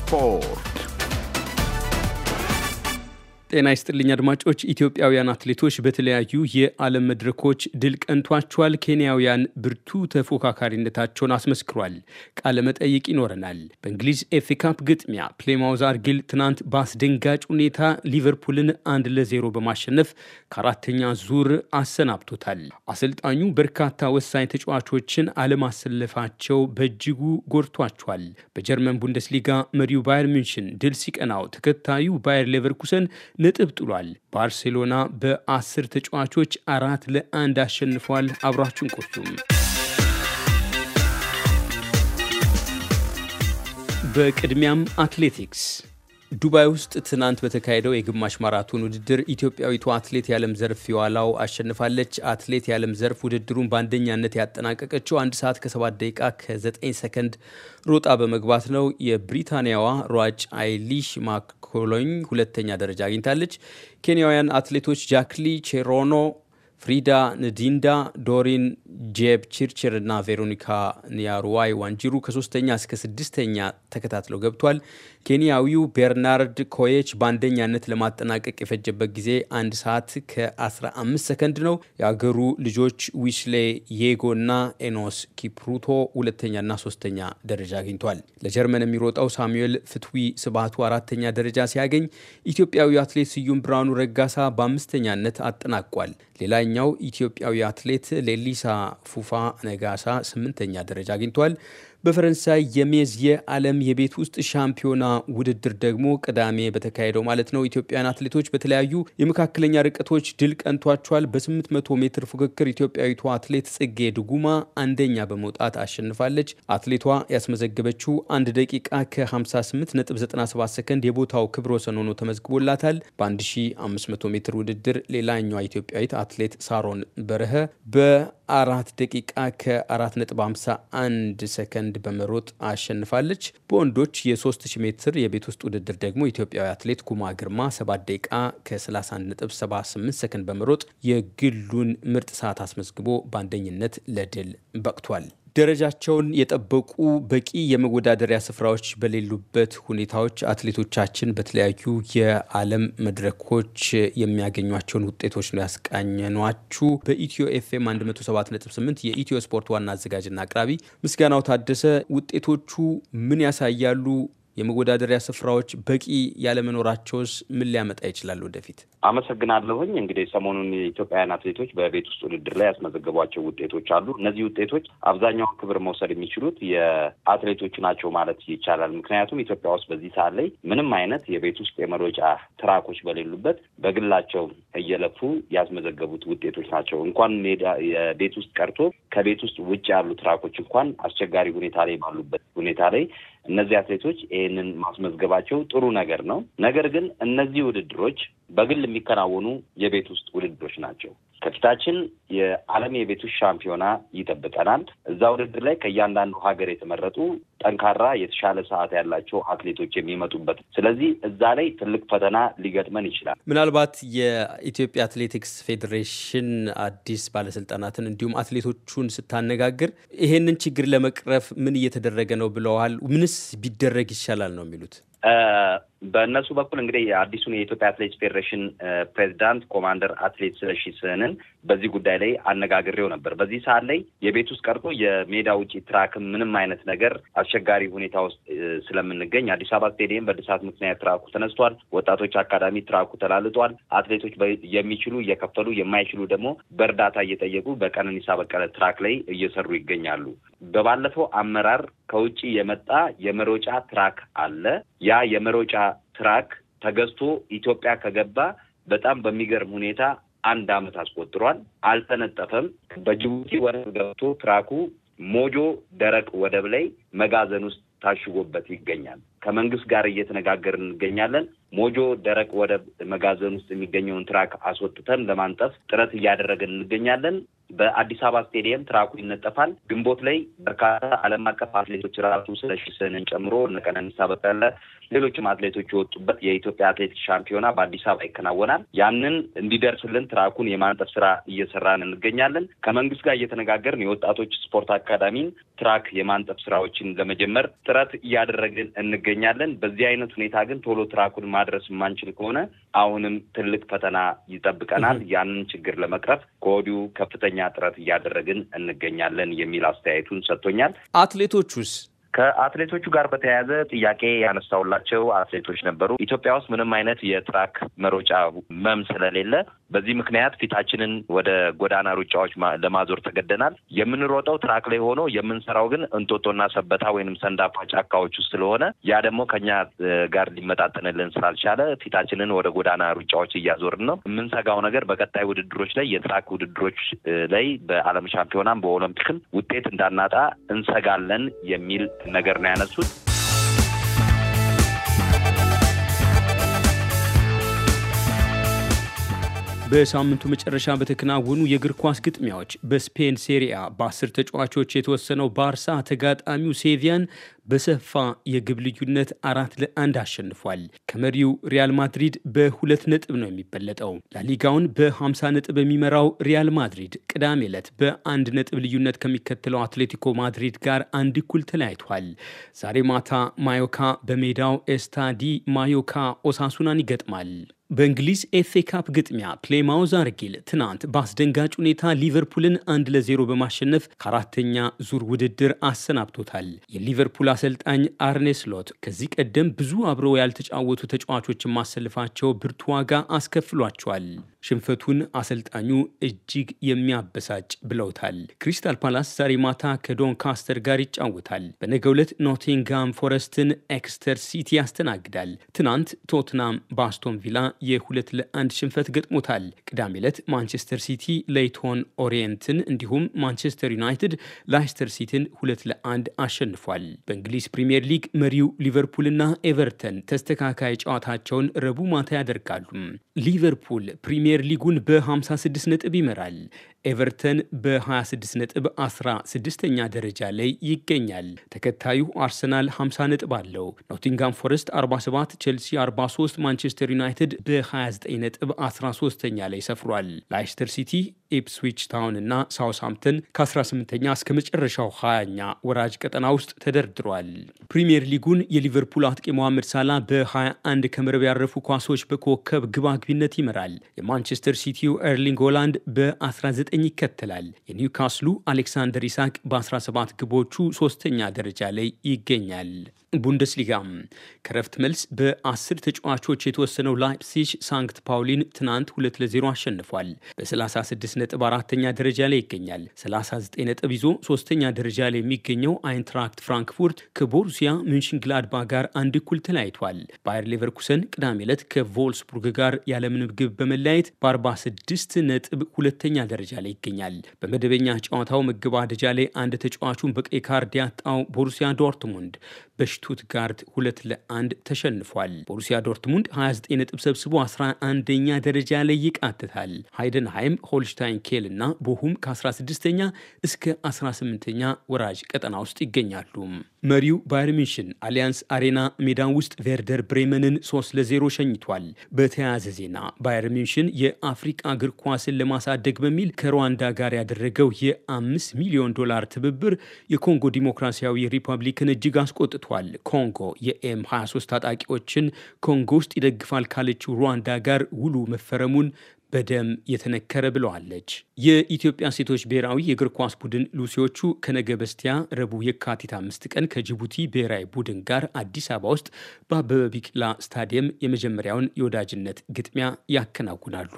spor. ጤና ይስጥልኝ አድማጮች። ኢትዮጵያውያን አትሌቶች በተለያዩ የዓለም መድረኮች ድል ቀንቷቸዋል። ኬንያውያን ብርቱ ተፎካካሪነታቸውን አስመስክሯል። ቃለ መጠይቅ ይኖረናል። በእንግሊዝ ኤፍ ኤ ካፕ ግጥሚያ ፕሌማውዝ አርጊል ትናንት በአስደንጋጭ ሁኔታ ሊቨርፑልን አንድ ለዜሮ በማሸነፍ ከአራተኛ ዙር አሰናብቶታል። አሰልጣኙ በርካታ ወሳኝ ተጫዋቾችን አለማሰለፋቸው በእጅጉ ጎድቷቸዋል። በጀርመን ቡንደስሊጋ መሪው ባየር ሚንሽን ድል ሲቀናው ተከታዩ ባየር ሌቨርኩሰን ነጥብ ጥሏል። ባርሴሎና በአስር ተጫዋቾች አራት ለአንድ አሸንፏል። አብራችን ቆዩም። በቅድሚያም አትሌቲክስ ዱባይ ውስጥ ትናንት በተካሄደው የግማሽ ማራቶን ውድድር ኢትዮጵያዊቱ አትሌት የዓለም ዘርፍ የዋላው አሸንፋለች። አትሌት የዓለም ዘርፍ ውድድሩን በአንደኛነት ያጠናቀቀችው አንድ ሰዓት ከሰባት ደቂቃ ከዘጠኝ ሰከንድ ሮጣ በመግባት ነው። የብሪታንያዋ ሯጭ አይሊሽ ማኮሎኝ ሁለተኛ ደረጃ አግኝታለች። ኬንያውያን አትሌቶች ጃክሊ ቼሮኖ ፍሪዳ ንዲንዳ፣ ዶሪን ጄብ ቺርችር እና ቬሮኒካ ኒያሩዋይ ዋንጂሩ ከሶስተኛ እስከ ስድስተኛ ተከታትለው ገብቷል። ኬንያዊው ቤርናርድ ኮዬች በአንደኛነት ለማጠናቀቅ የፈጀበት ጊዜ አንድ ሰዓት ከ15 ሰከንድ ነው። የአገሩ ልጆች ዊስሌ ዬጎ እና ኤኖስ ኪፕሩቶ ሁለተኛና ሶስተኛ ደረጃ አግኝቷል። ለጀርመን የሚሮጠው ሳሙኤል ፍትዊ ስባቱ አራተኛ ደረጃ ሲያገኝ፣ ኢትዮጵያዊ አትሌት ስዩም ብርሃኑ ረጋሳ በአምስተኛነት አጠናቋል። ሌላ ሁለተኛው ኢትዮጵያዊ አትሌት ሌሊሳ ፉፋ ነጋሳ ስምንተኛ ደረጃ አግኝቷል። በፈረንሳይ የሜዝ የዓለም የቤት ውስጥ ሻምፒዮና ውድድር ደግሞ ቅዳሜ በተካሄደው ማለት ነው ኢትዮጵያን አትሌቶች በተለያዩ የመካከለኛ ርቀቶች ድል ቀንቷቸዋል። በ800 ሜትር ፉክክር ኢትዮጵያዊቷ አትሌት ጽጌ ድጉማ አንደኛ በመውጣት አሸንፋለች። አትሌቷ ያስመዘገበችው 1 ደቂቃ ከ58.97 ሰከንድ የቦታው ክብረ ወሰን ሆኖ ተመዝግቦላታል። በ1500 ሜትር ውድድር ሌላኛዋ ኢትዮጵያዊት አትሌት ሳሮን በረኸ በ አራት ደቂቃ ከ4.51 ሰከንድ በመሮጥ አሸንፋለች። በወንዶች የ3000 ሜትር የቤት ውስጥ ውድድር ደግሞ ኢትዮጵያዊ አትሌት ኩማ ግርማ 7 ደቂቃ ከ31.78 ሰከንድ በመሮጥ የግሉን ምርጥ ሰዓት አስመዝግቦ በአንደኝነት ለድል በቅቷል። ደረጃቸውን የጠበቁ በቂ የመወዳደሪያ ስፍራዎች በሌሉበት ሁኔታዎች አትሌቶቻችን በተለያዩ የዓለም መድረኮች የሚያገኟቸውን ውጤቶች ነው ያስቃኘኗችሁ። በኢትዮ ኤፍኤም 178 የኢትዮ ስፖርት ዋና አዘጋጅና አቅራቢ ምስጋናው ታደሰ፣ ውጤቶቹ ምን ያሳያሉ? የመወዳደሪያ ስፍራዎች በቂ ያለመኖራቸውስ ምን ሊያመጣ ይችላል? ወደፊት አመሰግናለሁኝ። እንግዲህ ሰሞኑን የኢትዮጵያውያን አትሌቶች በቤት ውስጥ ውድድር ላይ ያስመዘገቧቸው ውጤቶች አሉ። እነዚህ ውጤቶች አብዛኛውን ክብር መውሰድ የሚችሉት የአትሌቶቹ ናቸው ማለት ይቻላል። ምክንያቱም ኢትዮጵያ ውስጥ በዚህ ሰዓት ላይ ምንም አይነት የቤት ውስጥ የመሮጫ ትራኮች በሌሉበት በግላቸው እየለፉ ያስመዘገቡት ውጤቶች ናቸው። እንኳን የቤት ውስጥ ቀርቶ ከቤት ውስጥ ውጭ ያሉ ትራኮች እንኳን አስቸጋሪ ሁኔታ ላይ ባሉበት ሁኔታ ላይ እነዚህ አትሌቶች ይህንን ማስመዝገባቸው ጥሩ ነገር ነው። ነገር ግን እነዚህ ውድድሮች በግል የሚከናወኑ የቤት ውስጥ ውድድሮች ናቸው። ከፊታችን የዓለም የቤት ውስጥ ሻምፒዮና ይጠብቀናል። እዛ ውድድር ላይ ከእያንዳንዱ ሀገር የተመረጡ ጠንካራ የተሻለ ሰዓት ያላቸው አትሌቶች የሚመጡበት። ስለዚህ እዛ ላይ ትልቅ ፈተና ሊገጥመን ይችላል። ምናልባት የኢትዮጵያ አትሌቲክስ ፌዴሬሽን አዲስ ባለስልጣናትን እንዲሁም አትሌቶቹን ስታነጋግር ይሄንን ችግር ለመቅረፍ ምን እየተደረገ ነው ብለዋል? ምንስ ቢደረግ ይሻላል ነው የሚሉት? በእነሱ በኩል እንግዲህ አዲሱን የኢትዮጵያ አትሌቲክስ ፌዴሬሽን ፕሬዚዳንት ኮማንደር አትሌት ስለሺ ስህንን በዚህ ጉዳይ ላይ አነጋግሬው ነበር። በዚህ ሰዓት ላይ የቤት ውስጥ ቀርቶ የሜዳ ውጭ ትራክም ምንም አይነት ነገር አስቸጋሪ ሁኔታ ውስጥ ስለምንገኝ አዲስ አበባ ስቴዲየም በእድሳት ምክንያት ትራኩ ተነስቷል። ወጣቶች አካዳሚ ትራኩ ተላልጧል። አትሌቶች የሚችሉ እየከፈሉ የማይችሉ ደግሞ በእርዳታ እየጠየቁ በቀነኒሳ በቀለ ትራክ ላይ እየሰሩ ይገኛሉ። በባለፈው አመራር ከውጭ የመጣ የመሮጫ ትራክ አለ። ያ የመሮጫ ትራክ ተገዝቶ ኢትዮጵያ ከገባ በጣም በሚገርም ሁኔታ አንድ አመት አስቆጥሯል። አልተነጠፈም። በጅቡቲ ወረ ገብቶ ትራኩ ሞጆ ደረቅ ወደብ ላይ መጋዘን ውስጥ ታሽጎበት ይገኛል። ከመንግስት ጋር እየተነጋገርን እንገኛለን። ሞጆ ደረቅ ወደብ መጋዘን ውስጥ የሚገኘውን ትራክ አስወጥተን ለማንጠፍ ጥረት እያደረግን እንገኛለን። በአዲስ አበባ ስቴዲየም ትራኩ ይነጠፋል። ግንቦት ላይ በርካታ ዓለም አቀፍ አትሌቶች ራሱ ስለሺ ስህንን ጨምሮ እነ ቀነኒሳ በቀለ፣ ሌሎችም አትሌቶች የወጡበት የኢትዮጵያ አትሌቲክስ ሻምፒዮና በአዲስ አበባ ይከናወናል። ያንን እንዲደርስልን ትራኩን የማንጠፍ ስራ እየሰራን እንገኛለን። ከመንግስት ጋር እየተነጋገርን የወጣቶች ስፖርት አካዳሚን ትራክ የማንጠፍ ስራዎችን ለመጀመር ጥረት እያደረግን እንገኛለን። በዚህ አይነት ሁኔታ ግን ቶሎ ትራኩን ማድረስ የማንችል ከሆነ አሁንም ትልቅ ፈተና ይጠብቀናል። ያንን ችግር ለመቅረፍ ከወዲሁ ከፍተኛ ጥረት እያደረግን እንገኛለን የሚል አስተያየቱን ሰጥቶኛል። አትሌቶቹስ? ከአትሌቶቹ ጋር በተያያዘ ጥያቄ ያነሳውላቸው አትሌቶች ነበሩ። ኢትዮጵያ ውስጥ ምንም አይነት የትራክ መሮጫ መም ስለሌለ በዚህ ምክንያት ፊታችንን ወደ ጎዳና ሩጫዎች ለማዞር ተገደናል። የምንሮጠው ትራክ ላይ ሆኖ የምንሰራው ግን እንጦጦና ሰበታ ወይንም ሰንዳፋ ጫካዎች ውስጥ ስለሆነ ያ ደግሞ ከኛ ጋር ሊመጣጠንልን ስላልቻለ ፊታችንን ወደ ጎዳና ሩጫዎች እያዞርን ነው። የምንሰጋው ነገር በቀጣይ ውድድሮች ላይ የትራክ ውድድሮች ላይ በዓለም ሻምፒዮናም በኦሎምፒክም ውጤት እንዳናጣ እንሰጋለን የሚል ነገር ነው ያነሱት። በሳምንቱ መጨረሻ በተከናወኑ የእግር ኳስ ግጥሚያዎች በስፔን ሴሪያ በአስር ተጫዋቾች የተወሰነው ባርሳ ተጋጣሚው ሴቪያን በሰፋ የግብ ልዩነት አራት ለአንድ አሸንፏል። ከመሪው ሪያል ማድሪድ በሁለት ነጥብ ነው የሚበለጠው። ላሊጋውን በ50 ነጥብ የሚመራው ሪያል ማድሪድ ቅዳሜ ዕለት በአንድ ነጥብ ልዩነት ከሚከተለው አትሌቲኮ ማድሪድ ጋር አንድ እኩል ተለያይቷል። ዛሬ ማታ ማዮካ በሜዳው ኤስታዲ ማዮካ ኦሳሱናን ይገጥማል። በእንግሊዝ ኤፍኤ ካፕ ግጥሚያ ክሌማውዝ አርጊል ትናንት በአስደንጋጭ ሁኔታ ሊቨርፑልን አንድ ለዜሮ በማሸነፍ ከአራተኛ ዙር ውድድር አሰናብቶታል። የሊቨርፑል አሰልጣኝ አርኔ ስሎት ከዚህ ቀደም ብዙ አብረው ያልተጫወቱ ተጫዋቾችን ማሰልፋቸው ብርቱ ዋጋ አስከፍሏቸዋል። ሽንፈቱን አሰልጣኙ እጅግ የሚያበሳጭ ብለውታል። ክሪስታል ፓላስ ዛሬ ማታ ከዶንካስተር ጋር ይጫወታል። በነገው ዕለት ኖቲንግሃም ፎረስትን ኤክስተር ሲቲ ያስተናግዳል። ትናንት ቶትናም በአስቶን ቪላ የሁለት ለአንድ ሽንፈት ገጥሞታል። ቅዳሜ ዕለት ማንቸስተር ሲቲ ሌይቶን ኦሪየንትን እንዲሁም ማንቸስተር ዩናይትድ ላይስተር ሲቲን ሁለት ለአንድ አሸንፏል። በእንግሊዝ ፕሪምየር ሊግ መሪው ሊቨርፑልና ኤቨርተን ተስተካካይ ጨዋታቸውን ረቡዕ ማታ ያደርጋሉ። ሊቨርፑል ፕሪምየር ፕሪምየር ሊጉን በ56 ነጥብ ይመራል። ኤቨርተን በ26 ነጥብ 16ኛ ደረጃ ላይ ይገኛል። ተከታዩ አርሰናል 50 ነጥብ አለው። ኖቲንጋም ፎረስት 47፣ ቼልሲ 43፣ ማንቸስተር ዩናይትድ በ29 ነጥብ 13ኛ ላይ ሰፍሯል። ላይስተር ሲቲ፣ ኢፕስዊች ታውን እና ሳውስሃምፕተን ከ18ኛ እስከ መጨረሻው 20ኛ ወራጅ ቀጠና ውስጥ ተደርድሯል። ፕሪምየር ሊጉን የሊቨርፑል አጥቂ መሐመድ ሳላ በ21 ከመረብ ያረፉ ኳሶች በኮከብ ግባግቢነት ይመራል። የማንቸስተር ሲቲው ኤርሊንግ ሆላንድ በ19 በ19 ይከተላል። የኒውካስሉ አሌክሳንደር ኢሳቅ በ17 ግቦቹ ሶስተኛ ደረጃ ላይ ይገኛል። ቡንደስሊጋ ከረፍት መልስ በአስር ተጫዋቾች የተወሰነው ላይፕሲጅ ሳንክት ፓውሊን ትናንት ሁለት ለዜሮ አሸንፏል። በ36 ነጥብ አራተኛ ደረጃ ላይ ይገኛል። 39 ነጥብ ይዞ ሶስተኛ ደረጃ ላይ የሚገኘው አይንትራክት ፍራንክፉርት ከቦሩሲያ ግላድባ ጋር አንድ እኩል ተለያይቷል። ባየር ሌቨርኩሰን ቅዳሜ ዕለት ከቮልስቡርግ ጋር ያለምንም ግብ በመለያየት በ46 ነጥብ ሁለተኛ ደረጃ ላይ ይገኛል። በመደበኛ ጨዋታው መገባደጃ ላይ አንድ ተጫዋቹን በቀይ ካርድ ያጣው ቦሩሲያ ዶርትሙንድ በሽ በሽቱትጋርት ሁለት ለአንድ ተሸንፏል። ቦሩሲያ ዶርትሙንድ 29 ነጥብ ሰብስቦ 11ኛ ደረጃ ላይ ይቃትታል። ሃይደንሃይም፣ ሆልሽታይን ኬል እና ቦሁም ከ16ኛ እስከ 18ኛ ወራጅ ቀጠና ውስጥ ይገኛሉ። መሪው ባየር ሚንሽን አሊያንስ አሬና ሜዳን ውስጥ ቬርደር ብሬመንን 3 ለዜሮ ሸኝቷል። በተያያዘ ዜና ባየር ሚንሽን የአፍሪቃ እግር ኳስን ለማሳደግ በሚል ከሩዋንዳ ጋር ያደረገው የ5 ሚሊዮን ዶላር ትብብር የኮንጎ ዲሞክራሲያዊ ሪፐብሊክን እጅግ አስቆጥቷል። ኮንጎ የኤም 23 ታጣቂዎችን ኮንጎ ውስጥ ይደግፋል ካለችው ሩዋንዳ ጋር ውሉ መፈረሙን በደም የተነከረ ብለዋለች። የኢትዮጵያ ሴቶች ብሔራዊ የእግር ኳስ ቡድን ሉሲዎቹ ከነገ በስቲያ ረቡዕ የካቲት አምስት ቀን ከጅቡቲ ብሔራዊ ቡድን ጋር አዲስ አበባ ውስጥ በአበበ ስታዲየም የመጀመሪያውን የወዳጅነት ግጥሚያ ያከናውናሉ።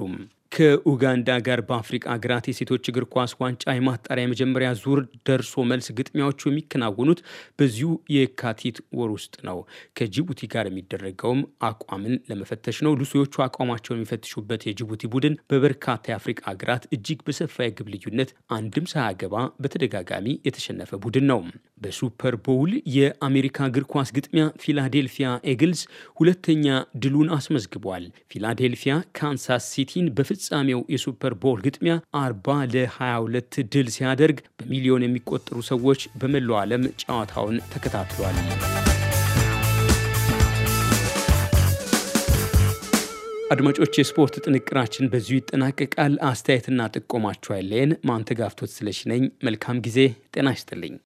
ከኡጋንዳ ጋር በአፍሪቃ ሀገራት የሴቶች እግር ኳስ ዋንጫ የማጣሪያ የመጀመሪያ ዙር ደርሶ መልስ ግጥሚያዎቹ የሚከናወኑት በዚሁ የካቲት ወር ውስጥ ነው። ከጅቡቲ ጋር የሚደረገውም አቋምን ለመፈተሽ ነው። ሉሲዎቹ አቋማቸውን የሚፈትሹበት የጅቡቲ ቡድን በበርካታ የአፍሪቃ ሀገራት እጅግ በሰፋ የግብ ልዩነት አንድም ሳያገባ በተደጋጋሚ የተሸነፈ ቡድን ነው። በሱፐር ቦውል የአሜሪካ እግር ኳስ ግጥሚያ ፊላዴልፊያ ኤግልስ ሁለተኛ ድሉን አስመዝግቧል። ፊላዴልፊያ ካንሳስ ሲቲን በፍ በፍጻሜው የሱፐር ቦል ግጥሚያ 40 ለ22 ድል ሲያደርግ በሚሊዮን የሚቆጠሩ ሰዎች በመላው ዓለም ጨዋታውን ተከታትሏል። አድማጮች፣ የስፖርት ጥንቅራችን በዚሁ ይጠናቀቃል። አስተያየትና ጥቆማችሁ አይለየን። ማንተጋፍቶት ስለሽነኝ ነኝ። መልካም ጊዜ። ጤና ይስጥልኝ።